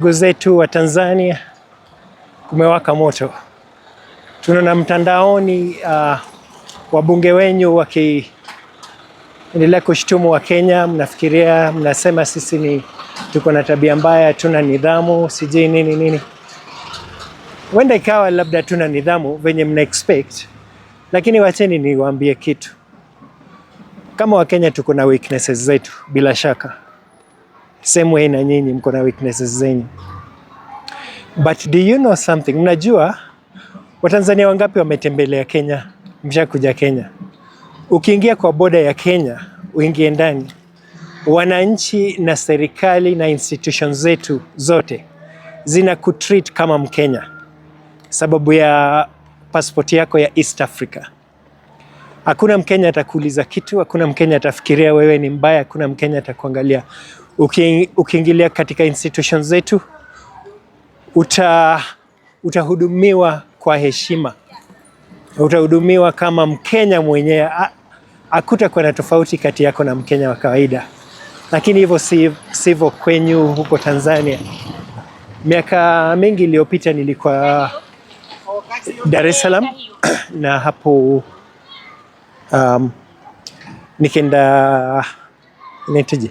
Ndugu zetu wa Tanzania, kumewaka moto. Tunaona mtandaoni uh, wabunge wenyu wakiendelea kushtumu wa Kenya. Mnafikiria, mnasema sisi ni tuko na tabia mbaya, tuna nidhamu, sijui nini nini. Huenda ikawa labda tuna nidhamu venye mna expect, lakini wacheni niwaambie kitu. Kama Wakenya tuko na weaknesses zetu bila shaka same way na nyinyi mko na weaknesses zenyu. But do you know something? Mnajua Watanzania wangapi wametembelea Kenya? Mshakuja Kenya? Ukiingia kwa boda ya Kenya, uingie ndani, wananchi na serikali na institutions zetu zote zina kutreat kama Mkenya sababu ya passport yako ya East Africa. Hakuna Mkenya atakuuliza kitu, hakuna Mkenya atafikiria wewe ni mbaya, hakuna Mkenya atakuangalia ukiingilia katika institution zetu uta, utahudumiwa kwa heshima, utahudumiwa kama Mkenya mwenyewe. Hakutakuwa na tofauti kati yako na Mkenya wa kawaida, lakini hivyo sivyo kwenyu huko Tanzania. Miaka mingi iliyopita nilikuwa Dar es Salaam na hapo um, nikaenda inaitaje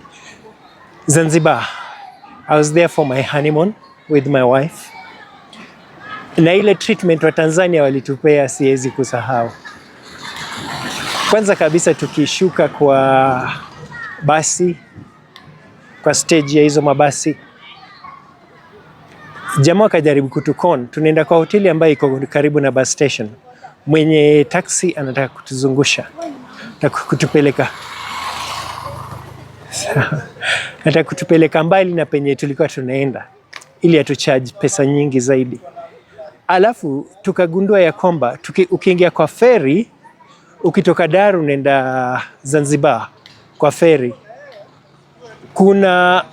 Zanzibar. I was there for my honeymoon with my wife. Na ile treatment wa Tanzania walitupea siwezi kusahau. Kwanza kabisa tukishuka kwa basi kwa stage ya hizo mabasi, jamaa akajaribu kutukon, tunaenda kwa hoteli ambayo iko karibu na bus station. Mwenye taksi anataka kutuzungusha na kutupeleka nataka kutupeleka mbali na penye tulikuwa tunaenda, ili atucharge pesa nyingi zaidi. Alafu tukagundua ya kwamba ukiingia kwa feri, ukitoka Dar unaenda Zanzibar kwa feri, kuna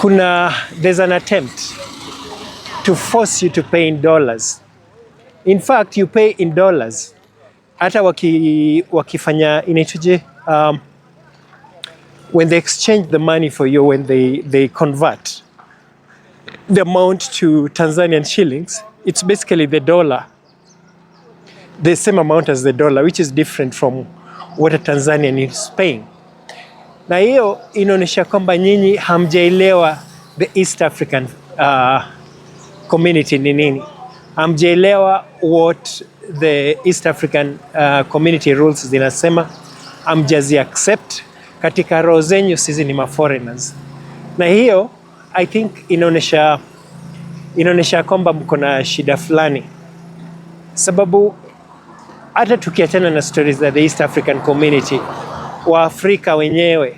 kuna there's an attempt to force you to pay in dollars. In fact you pay in dollars, hata waki, wakifanya inaitwaje um, when they exchange the money for you, when they, they convert the amount to Tanzanian shillings, it's basically the dollar, the same amount as the dollar, which is different from what a Tanzanian is paying. Na hiyo inaonyesha kwamba nyinyi hamjaelewa the East African uh, community ni nini, hamjaelewa what the East African uh, community rules zinasema, hamjazi accept katika roho zenyu sisi ni ma na hiyo I think inaonesha inaonesha kwamba mko na shida fulani, sababu hata tukiachana na stories za the East African Community, Waafrika wenyewe,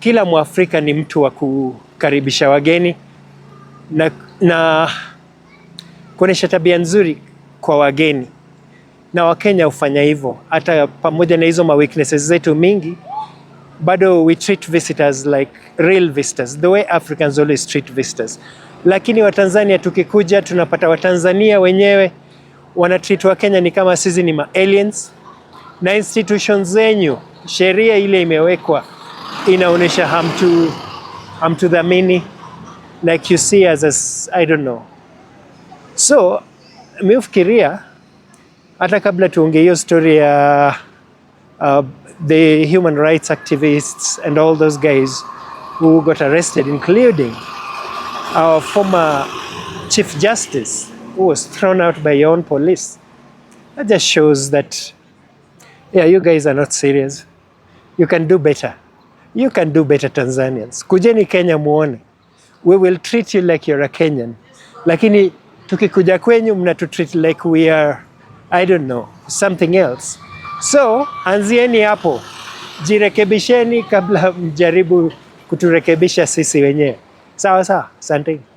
kila Mwafrika ni mtu wa kukaribisha wageni na, na kuonesha tabia nzuri kwa wageni, na Wakenya hufanya hivyo hata pamoja na hizo ma weaknesses zetu mingi bado we treat visitors like real visitors, the way Africans always treat visitors. Lakini Watanzania tukikuja tunapata Watanzania wenyewe wanatreat wa Kenya ni kama sisi ni ma aliens, na institutions zenyu, sheria ile imewekwa inaonyesha hamtu hamtudhamini like you see as, as I don't know. So miufikiria hata kabla tuongee hiyo story ya uh, uh, the human rights activists and all those guys who got arrested, including our former Chief Justice, who was thrown out by your own police. That just shows that, yeah, you guys are not serious. You can do better. You can do better, Tanzanians. Kujeni Kenya muone. We will treat you like you're a Kenyan. Lakini tukikuja kwenyu treat like we are, I don't know, something else. So anzieni hapo, jirekebisheni kabla mjaribu kuturekebisha sisi wenyewe. Sawa sawa, asanteni.